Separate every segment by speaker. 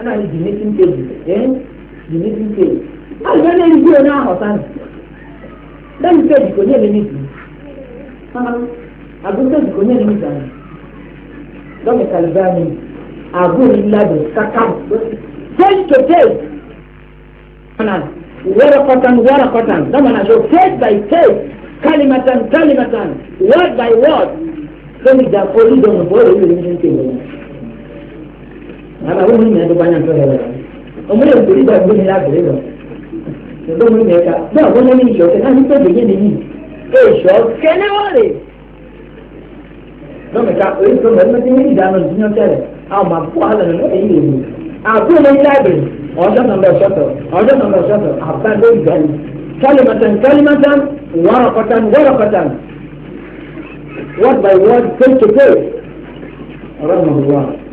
Speaker 1: ana yi jimitin keji eh jimitin keji alùpùpù ní na ọ̀nà àhọ̀sán lẹ́yìn keji kò ní ẹ̀mí nìkú àgbo keji kò ní ẹ̀mí nìkú àná lọ́mọ kàlùbá mi àgbo ní ìlànà kàkà keji to keji ọ̀nà wẹ́rẹ̀ kọ́tàn wẹ́rẹ̀ kọ́tàn lọ́mọ náà so keji by keji kalimatan kalimatan word by word lọ́mọ ìjà forí dọ̀nà bọ́ọ̀lù ìlú ní kéwòn mun ni ba nan to da mun ne kuri da mun ne la gure da to do mun ne ka da wannan ne shi ka ni to da yin ni eh shi ke ne wore don ka eh to mun ne ni da nan duniya ta a ma ko ala ne eh ni a ko ne library ọjọ́ kan lọ sọ́tọ̀ ọjọ́ kan lọ sọ́tọ̀ àbá lórí gan kalimatan kalimatan warakatan warakatan word by word page to page ọ̀rọ̀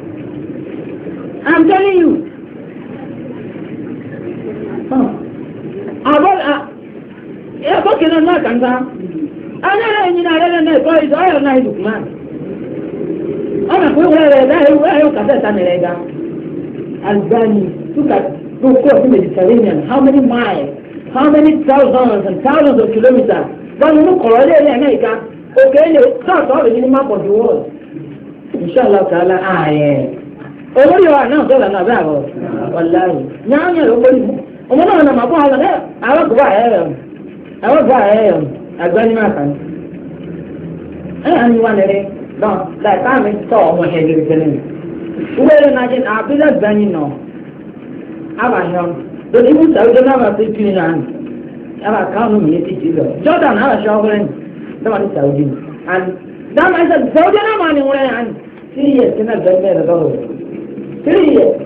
Speaker 1: I'm telling you. Àbọ̀ náà kàńtà. náà náà ẹ̀kọ́ ìdọ̀ ọ̀yọ̀ náà ìdùkú rẹ̀ ga. Mediterranean how many miles how many thousands and thousands of kilometers. kọ̀rọ̀ ilé náà ìka? Òkè ilé yìí ní map of the world. olórí wa náà sọ̀rọ̀ náà bẹ́ẹ̀ àbọ̀ wàláyé nyáànyà ló gbóni mu ọmọ náà nà má bọ́ àwọn ẹ̀ àwọn gbọ́ àyẹ̀ yẹn àwọn gbọ́ àyẹ̀ yẹn àgbẹ̀ni máa kàn ẹ̀ ẹ̀ ní wà lẹ́rẹ́ náà láì ká mi tọ̀ ọmọ yẹn lórí tẹ́lẹ̀ mi wúwo yẹn náà jẹ́ àbílẹ̀ gbẹ̀ni nọ àbà yẹn lórí ibú sàwùjọ náà máa fi tún ní àná àbà káwọn mi yẹn ti lọ jordan àbà sọ́kùnrin náà ní sàwùjọ and dáhùn sàwùjọ náà máa ní wúrẹ́ yẹn and sí iye sí náà gbẹ̀ni three years.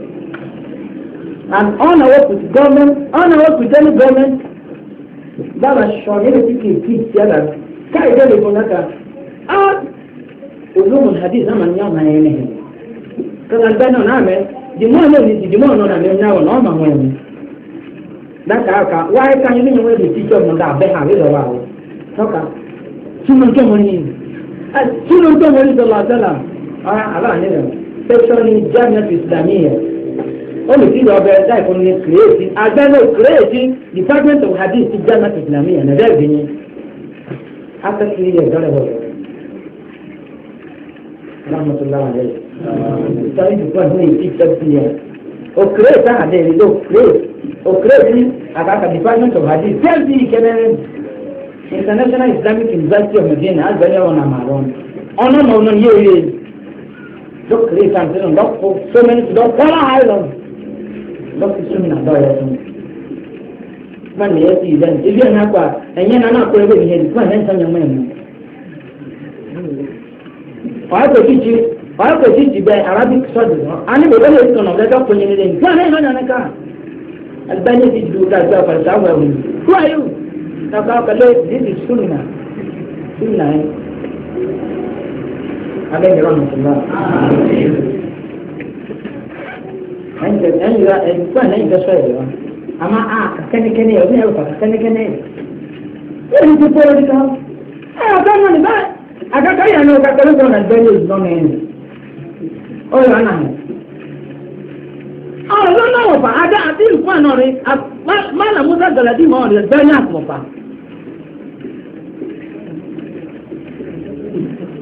Speaker 1: And on work with government, on work with any government, that was shown everything in peace together. Kai dole ko naka. Ah, ulumul hadith zaman na yene he. Kana bano na me, di mo no di mo no na me na wona ma mo ni. Da ka ka, wa ka ni ni we di teacher mo da be ha we do wa. Soka. Sunan to mo ni. Ah, sunan to mo ni ala ni. section ní jamiat islamiyya olùsílẹ̀ ọbẹ̀ ẹ̀dá ìfọ̀nù ní kìrèétì agbẹ́lẹ̀ kìrèétì department of hadith ti jamiat islamiyya nàdẹ́ ìgbìyìn after three years dọ́lẹ̀ wọ̀ rahmatulahi alayhi sọ́yìn tó kọ́ ní ìdí seventy years òkìrèétì àdé ìlú òkìrèétì àkàkà department of hadith tẹ́lifí ìkẹ́mẹ́rin international islamic university of medina agbẹ́lẹ̀ wọn àmàlọ́n ọ̀nà ọ̀nà yóò yẹ look three times, you know, look for so many, look for island. Look for so many dollars. Man, yes, you then. If you're not quite, and you're not quite with me, it's my hands on your man. Why could you? Why could you be Arabic studies? I never really thought of that opportunity. Go ahead, on a car. I'll benefit you that job for somewhere. Who are you? Now, this is Sunnah. Sunnah. Eh? alẹ́ ìrọ̀ nìkúnlá. ẹ̀yìn ìgbà ẹ̀yìn ìgbà sọ ẹ̀rọ àmà a kẹ́nikẹ́ni ẹ̀ ọdún ẹ̀rọ pàtó kẹ́nikẹ́ni ẹ̀. ti pọ̀ ẹ̀rí kan ẹ̀ ọ̀gá náà ní báyìí yẹn ní ọ̀gá kẹ́lẹ́ náà gbẹ́lẹ́ ìgbọ́n mi ó yọ ọ́nà mi. ọ̀rọ̀ lọ́nà ọ̀fà adá àti ìlú àná rẹ̀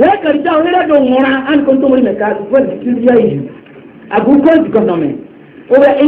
Speaker 1: wọ́n kàrí dá orílẹ̀-èdè òmùra á ní kó tó mọ́rí mẹ́ka fún ìdílé yìí àgùkọ́ ìdíkọ́ nọ́mẹ́